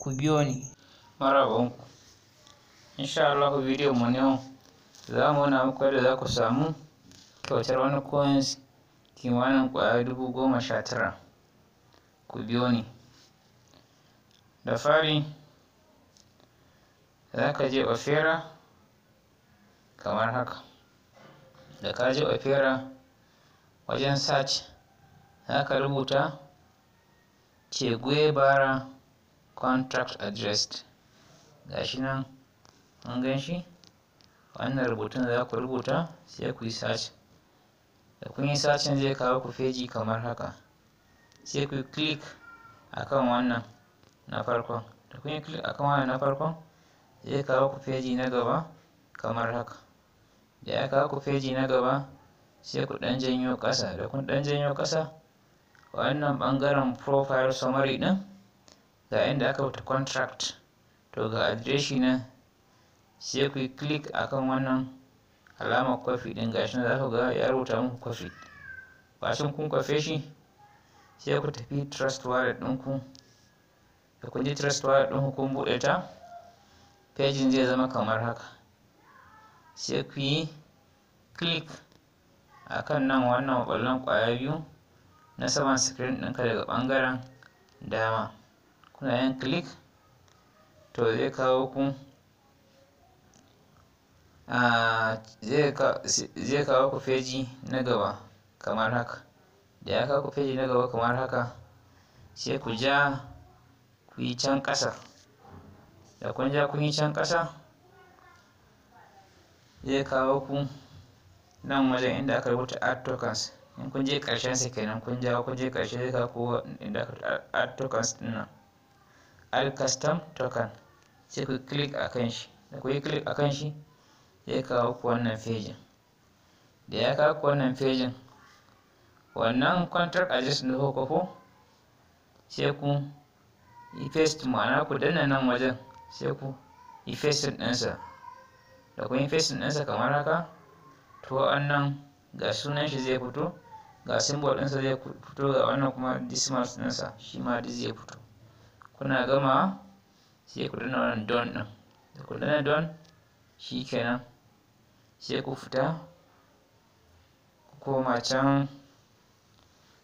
kujioni marhaban insha allahu video mu niho za na za ku samu kyautar wani coins kimanin dubu goma sha tara ku zaka da fari je ofera kamar haka da ka je ofera wajen search zaka rubuta ce bara contract address gashi nan an gan shi wannan rubutun za ku rubuta sai ku yi search da kun yi searching zai kawo ku feji kamar haka sai ku click akan wannan na farkon da kun yi click akan wannan na farkon zai kawo ku feji na gaba kamar haka da ya kawo ku feji na gaba sai ku dan janyo ƙasa da kun dan janyo ƙasa wannan ɓangaren profile summary ɗin ga inda aka wuta contract to ga adireshi nan sai ku yi click akan wannan alamar kwafi din gashi na za ku ga ya rubuta muku kwafi bashin kun kwafe shi sai ku tafi trust wallet ɗinku da kun ji trust wallet ɗinku kun buɗe ta pejin zai zama kamar haka sai ku yi click akan nan wannan ƙwallon ƙwaya biyu na saman screen ɗinka daga ɓangaren dama kuna yin click to zai kawo ku ah, zai kawo ku feji na gaba kamar haka da ya kawo ku feji na gaba kamar haka sai ku ja ku yi can ƙasa da kun ja ku yi can ƙasa zai kawo ku nan wajen inda aka rubuta art tokens in kun je ƙarshen sa kenan kun ja kun je ƙarshe zai kawo ku inda aka rubuta art tokens ɗin nan add custom token sai ku click a kan shi da ku yi click a kan shi zai kawo ku wannan fejin da ya kawo ku wannan fejin wannan contract address na kuka ko sai ku yi paste ma'ana ku danna nan wajen sai ku yi paste ɗinsa da ku yi paste ɗinsa kamar haka to wannan ga sunan shi zai fito ga symbol ɗinsa zai fito ga wannan kuma dismal ɗinsa shi ma zai fito kuna gama sai ku danna wannan don din da ku danna don shi kenan sai ku fita ku koma can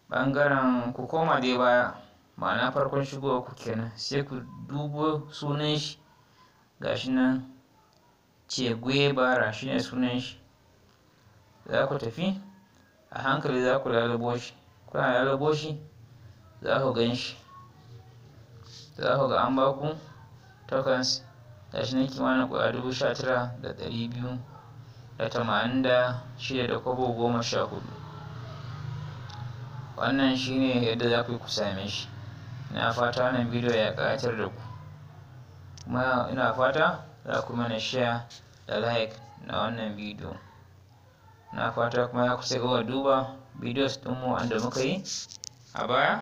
bangaren ku koma dai baya ma'ana farkon shigo ku kenan sai ku dubo sunan shi gashi nan ce shi ne sunan shi za ku tafi a hankali za ku lalabo shi kuna lalabo shi za ku gan shi za ku ga an ba ku tokens shi nan kimanin a dubu sha tara da ɗari biyu da tamanin da shida da kwabo goma sha hudu wannan shi ne yadda za ku yi ku same shi ina fata wannan bidiyo ya ƙayatar da ku kuma ina fata za ku mana share da like na wannan bidiyo na fata kuma ya kusa gaba duba bidiyo su ɗin mu wanda muka yi a baya